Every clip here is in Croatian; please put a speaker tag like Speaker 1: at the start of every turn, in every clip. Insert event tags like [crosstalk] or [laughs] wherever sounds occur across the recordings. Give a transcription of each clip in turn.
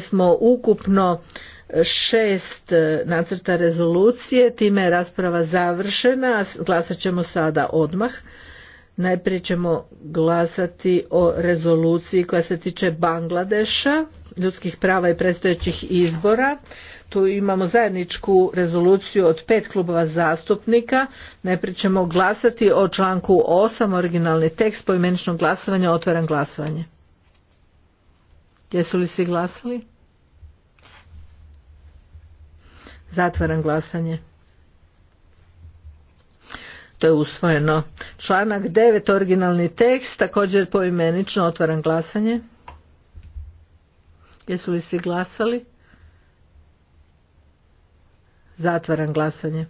Speaker 1: smo ukupno e, šest e, nacrta rezolucije, time je rasprava završena, glasat ćemo sada odmah. Najprije ćemo glasati o rezoluciji koja se tiče Bangladeša, ljudskih prava i predstojećih izbora. Tu imamo zajedničku rezoluciju od pet klubova zastupnika. Najprije ćemo glasati o članku 8, originalni tekst, poimenično glasovanja. otvaram glasovanje. Jesu li svi glasali? Zatvaram glasanje. To je usvojeno. Članak 9, originalni tekst, također poimenično otvaram glasanje. Jesu li svi glasali? Zatvaram glasanje.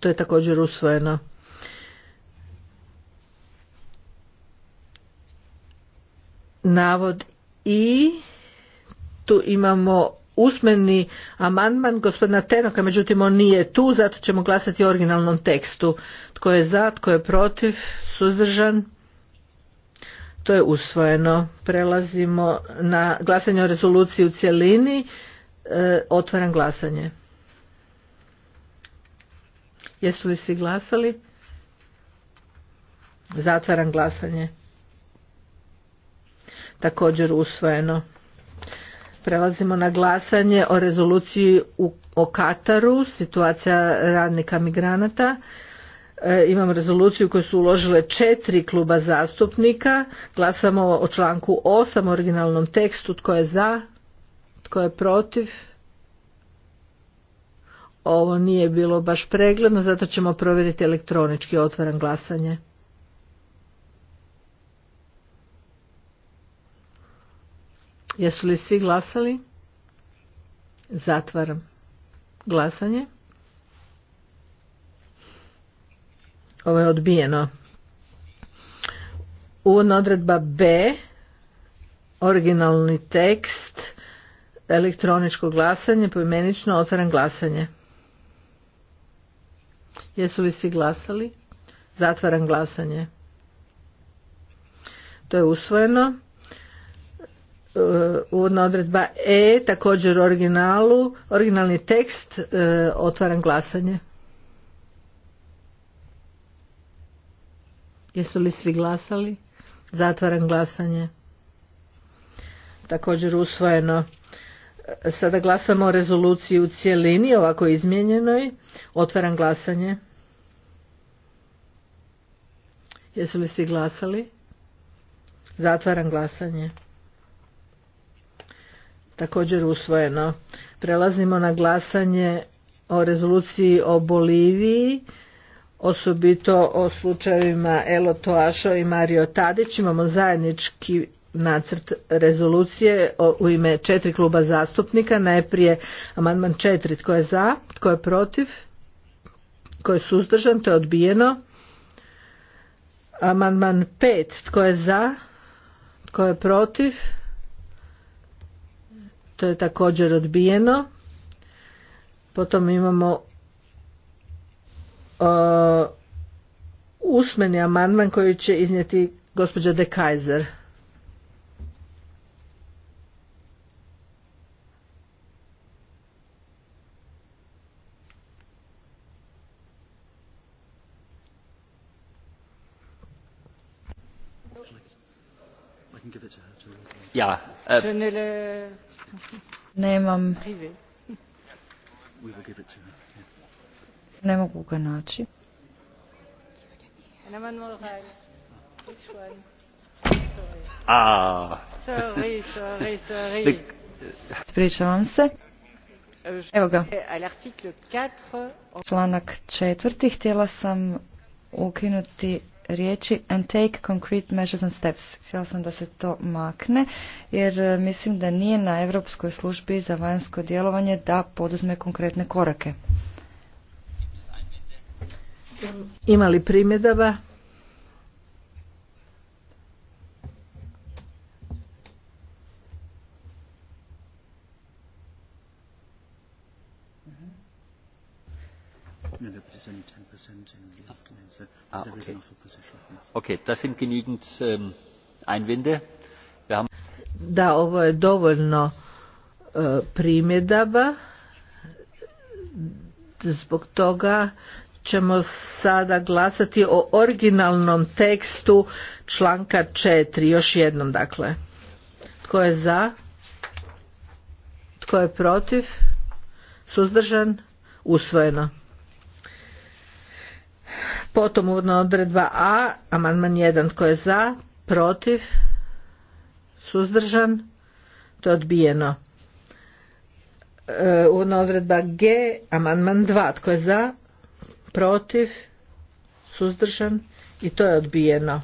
Speaker 1: To je također usvojeno. navod i tu imamo usmeni amandman gospodina Tenoka, međutim on nije tu, zato ćemo glasati o originalnom tekstu. Tko je za, tko je protiv, suzdržan? To je usvojeno. Prelazimo na glasanje o rezoluciji u cjelini. E, otvaram glasanje. Jesu li svi glasali? Zatvaram glasanje također usvojeno. Prelazimo na glasanje o rezoluciji o Kataru, situacija radnika migranata. E, Imam rezoluciju koju su uložile četiri kluba zastupnika. Glasamo o članku 8, originalnom tekstu. Tko je za? Tko je protiv? Ovo nije bilo baš pregledno, zato ćemo provjeriti elektronički otvaran glasanje. Jesu li svi glasali? Zatvaram glasanje. Ovo je odbijeno. Uvodna odredba B, originalni tekst, elektroničko glasanje, poimenično otvaram glasanje. Jesu li svi glasali? Zatvaram glasanje. To je usvojeno. E, uvodna odredba E, također originalu, originalni tekst, e, otvaram glasanje. Jesu li svi glasali? Zatvaram glasanje. Također usvojeno. Sada glasamo o rezoluciji u cjelini, ovako izmijenjenoj. Otvaram glasanje. Jesu li svi glasali? Zatvaram glasanje također usvojeno. Prelazimo na glasanje o rezoluciji o Boliviji, osobito o slučajevima Elo Toašo i Mario Tadić. Imamo zajednički nacrt rezolucije u ime četiri kluba zastupnika. Najprije amandman četiri. Tko je za? Tko je protiv? Tko je suzdržan? To je odbijeno. Amandman pet. Tko je za? Tko je protiv? To je također odbijeno. Potom imamo uh, usmeni amandman koji će iznijeti gospođa De Kaiser. Ja. Eh,
Speaker 2: Nemam.
Speaker 1: Ne mogu ga naći. A. Ah. [laughs] se. Evo ga. Članak četvrti. Htjela sam ukinuti riječi and take concrete measures and steps. Htjela sam da se to makne jer e, mislim da nije na Europskoj službi za vanjsko djelovanje da poduzme konkretne korake. Ima primjedaba? No, they're presenting 10% in the afternoon, so ah, there okay. is an offer position. Yes. Okay, das sind genügend ähm, Einwände. Wir haben da, ovo je dovoljno e, primjedaba. Zbog toga ćemo sada glasati o originalnom tekstu članka 4. Još jednom, dakle. Tko je za? Tko je protiv? Suzdržan? Usvojeno. Potom uvodna odredba A, amandman 1 tko je za, protiv, suzdržan, to je odbijeno. E, uvodna odredba G, amandman 2 tko je za, protiv, suzdržan i to je odbijeno.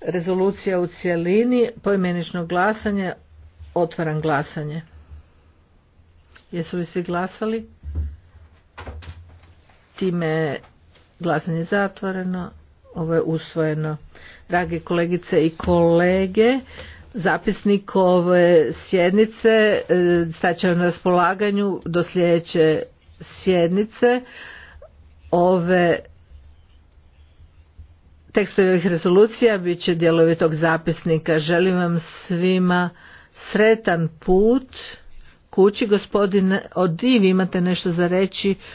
Speaker 1: Rezolucija u cjelini, poimenično glasanje, otvaram glasanje. Jesu li svi glasali? Time Glasanje je zatvoreno. Ovo je usvojeno. Drage kolegice i kolege, zapisnik ove sjednice e, staće na raspolaganju do sljedeće sjednice. Ove tekstove ovih rezolucija bit će dijelovi tog zapisnika. Želim vam svima sretan put kući. Gospodine Odin imate nešto za reći